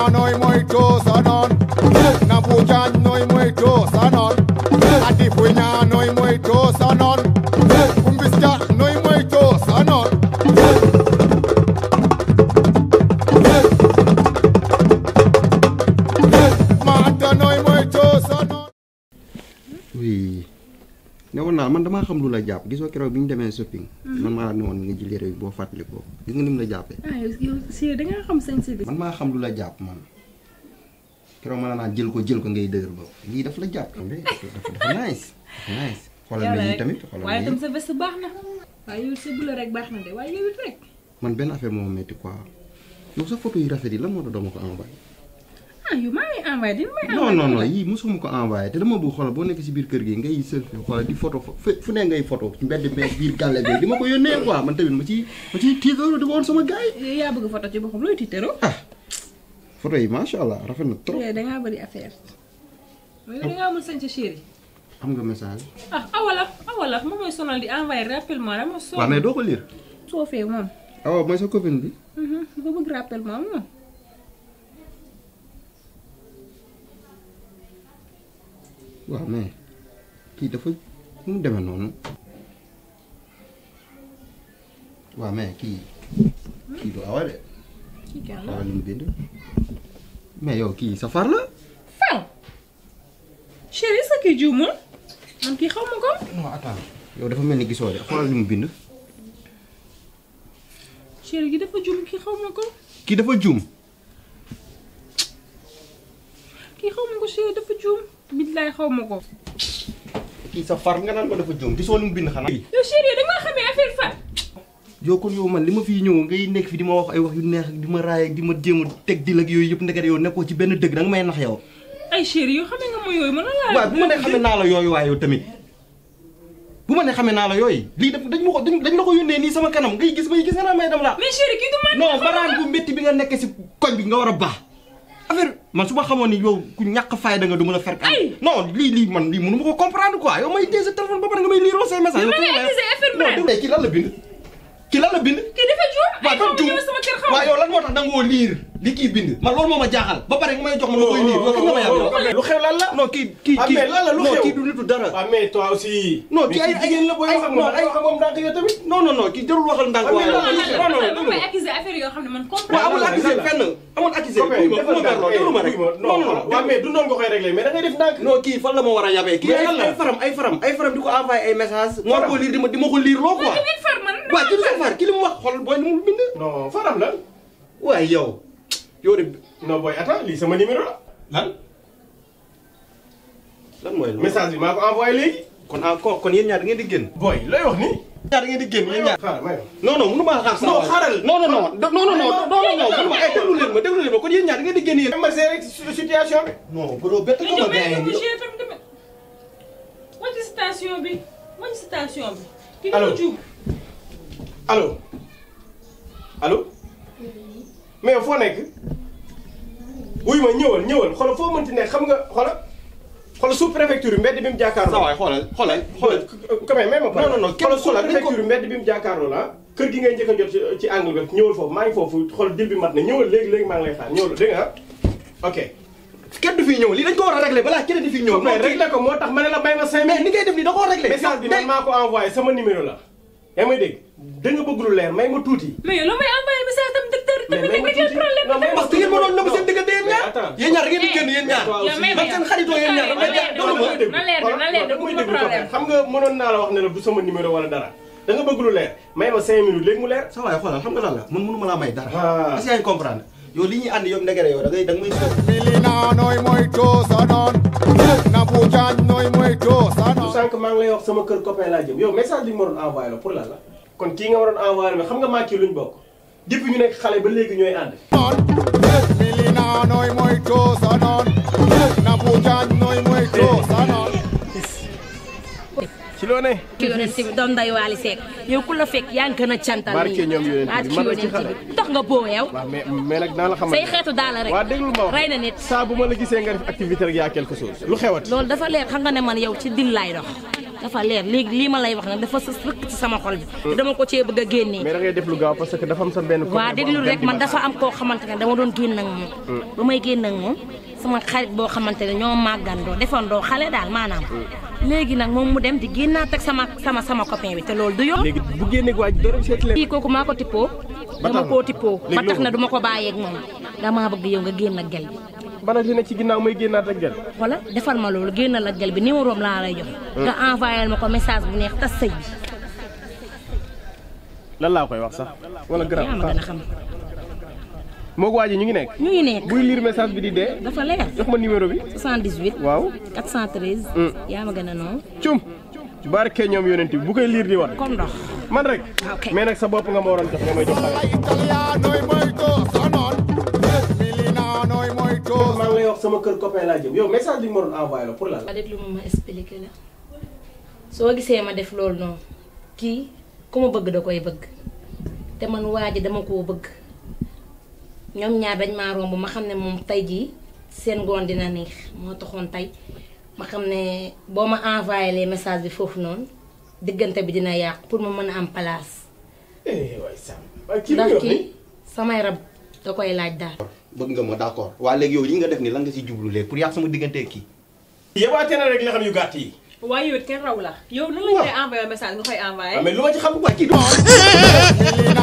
sanoy moytu sa noon na bu jaañ man damaa xam lu la jàpp gisoo keroog bi ñu demee shopping. Hmm. man maa ne woon nga ji yére bi boo fàttali ko gis nga ni la jàppee. Ah, yow si jàpp man ma naan jël ko jël ko ngay dëgër ba daf la jàpp. dafa nice dafa na lii tamit xoolal na lii waaye tam na. waaye yow man benn affaire moo metti quoi yow sa photo yu rafet yi la moo doon ma ko envoyé. ah yu maa ngi envoyé dina may. envoyé non non non yii mosuma ko envoyé te dama bëgg xoolal boo nekk si biir kër gi ngay selfie xoolal di photo fu ne ngay photo ci mbedd meeg biir gàlle bi di ma ko yónnee quoi man tamit ma ci ma ciy tiitaroo di ko woon sama gars yi. yaa bëgg photo ci boppam looy tiitaroo. ah photo yi macha allah rafet na trop. Eh, da ngaa bëri affaire. da ngaa amul sañ sa chéri. am nga message. ah awala ah, awala ah, moom mooy sonal di envoyé rapidement dama. waaw mais doo ko lire. soo fee moom. Ah, awa mooy sa copine bi. nga mhm, bëgg rappel moom moom. waaw mais kii dafa mu demee noonu waaw mais kii kii du awa de. kii kan mu bind mais yow kii sa far la. far sa kii jiw moom kii xaw ma ko. non attends yow dafa mel ni gisoo de xoolal li mu bind. chéri gi dafa juum kii xaw ma ko. kii dafa juum. kii xaw ma ko chéri dafa juum. billaay xaw ma ko. kii sa far nga naan ko dafa juum gisoo lu mu bind xanaa. yow chérie da nga xamee affaire far. yow kon yow man li ma fiy ñëw ngay nekk fi di ma wax ay wax yu neex di ma raay ak di ma jéem a teg di la ak yooyu yëpp ndeket yow nekkoo ci benn dëgg da nga may nax yow. ay chérie yow xamee nga ma yooyu mën na laa. waaw bu ma ne xamee naa la yooyu waaye yow tamit bu ma ne xamee naa la yooyu lii daf dañ ma ko dañ la ko yónnee nii sama kanam ngay gis may gis nga naa may dem laa. mais chérie kii du man non baraan bu métti bi nga nekk si koñ bi nga war a baax man su ma xamoon ni yow ku ñàkk fayda nga du mën a fer non lii lii man lii mënu ma ko comprendre quoi yow may téye sa téléphone ba pare may lire say message. yow lan la bind. ki lalo la bind. kii dafa juum ay xaw sama kër moo tax dangoo liir li kii bind. man loolu moo ma jaaxal ba pare nga may jox ma lu ma yàlla. lu xew lan la. non kii kii ah, lu xew non kii du nitu dara. waaw ah, mais toi aussi. kii ay da ngay def ndànk. non kii fan la ma war yabee. kii ay ay faram ay faram di ko envoyé ay message moo ko liir di ma ko liir loo quoi waaw jël sa faar ki li mu wax xol booy ni mu bind. non faram lan. waaye yow yow de. non booy attends lii sama numéro la lan. lan mooy loolu message bi maa ko envoyé léegi. kon encore kon yéen ñaar da ngeen di génn. booy looy wax nii. ñaar da ngeen di génn yéen ñaar. non non mënu maa xaar sa non xaaral non non non non non non non non ay déglu leen ma déglu leen ma kon yéen ñaar da ngeen di génn yéen. ma seet rek situation bi. non bro bett ko ma gars yi station bi wàññi station bi. alors allo allo mais yow foo nekk wuy ma ñëwal ñëwal xoolal foo mënti nekk xam nga xoolal xoolal sous préfecture yi mbedd bi mu jàkkaarloo. sa waay xoolal xoolal xoolal. quand kër gi ngay njëkk a jot ci angle bi ñëwal foofu maa ngi foofu xool dil bi mat na ñëwal léegi léegi maa ngi lay xaar ñëwal dégg nga ok. kenn du fi ñëw lii dañ ko war a régler balaa kenn du fi ñëw. non réglé ko moo tax ma ne la bay ma cinq ni ngay def nii da koo réglé. message bi maa ko envoyé sama numéro la yaa may dégg da nga bëgg lu leer may ma tuuti. mais yow loo may envoyé message tam docteur tamit nekk ngeen que yéen mënoon nëbb seen diggante yéen ñaar yéen ñaar da ngeen di génn ñaar. man seen xaritoo yéen ñaar dama ma dégg. bëgg naa la ne la du sama numéro wala dara. da nga bëgg lu leer may ma mi minutes léegi mu leer. sa waay xoolal xam nga lan ma laa may dara. Ah. est-ce que yaa li ñuy ànd yow ndegere yoo da ngay da nga may sama kër copain laa jëm yow message bi nga ma doon envoyé la pour lan la. kon kii nga ma doon envoyé la xam nga maa kii luñ bokk depuis ñu nekk xale ba léegi ñooy ànd. ci loo ne. ci yonent bi doom nday Waly Seck yow ku la fekk yaa ngi gën a cantal. barke ñoom yonent bi man la nga boo yow. waaw mais mais nag naa la xamal. say xeetu daal rek waaw déglu ma wax rey na nit. saa bu ma la gisee nga def activité rek yaa quelque chose lu xewat. loolu dafa leer xam nga ne man yow ci dil laay dox. dafa leer léegi lii ma lay wax nag dafa sës rëkk ci sama xol bi euh, dama ko cee bëgg a génnee mais da ngay def lu gaaw benn waaw déglu rek man dafa am koo xamante ne dama doon génn ak moom euh. ba may génn ak moom sama xarit boo xamante ne ñoo màggandoo defandoo xale daal maanaam euh. léegi nag moom mu dem di génnaat ak sama sama sama copain bi te loolu du yoon léegi bu génneeg waaj dërëm seet leen kooku maa ko tippoo dama koo tippoo ba tax na duma ma ko bàyyeeg moom damaa bëgg yow nga génn ak gel bi bala li ne ci ginnaaw mooy génnaat ak gel wala defal ma loolu génnal ak gel bi numéro am laa lay jox hmm. nga envoyé ko message bu neex tas sëy laa koy wax sax wala garab yaa moo ko waaj ñu ngi nekk ñu ngi nekk buy liir message bi di dee dafa leer jox ma numéro bi 78 waaw 413 hmm. yaa ma gën a noonu cum barke ñoom yonent bi bu koy liir di wan comme ndox man rek ah, mais nag sa bopp nga ma waroon jox nga may jox wax kër copain laa jëm bi ma doon envoyé la pour la la. déglu ma ma soo gisee ma def loolu noonu kii ku ma bëgg da koy bëgg te man waa ji dama koo bëgg ñoom ñaar dañ maa romb ma xam ne moom tey jii seen ngoon dina neex moo taxoon tey ma xam ne boo ma envoyé les messages bi foofu noonu diggante bi dina yàqu pour ma mën a am place. eh waay Sam. kii samay rab da koy laaj daal. bëgg nga ma d' accord waa léegi yow yi nga def ni lan nga si jublu léegi pour yàq sama diggante ak kii. yebaate na rek li nga xam yu gàtt yi. waaye yow it kenn raw la yow nu lañ koy envoyé message nga koy envoyé. mais lu ma ci xam bu ma ci doon.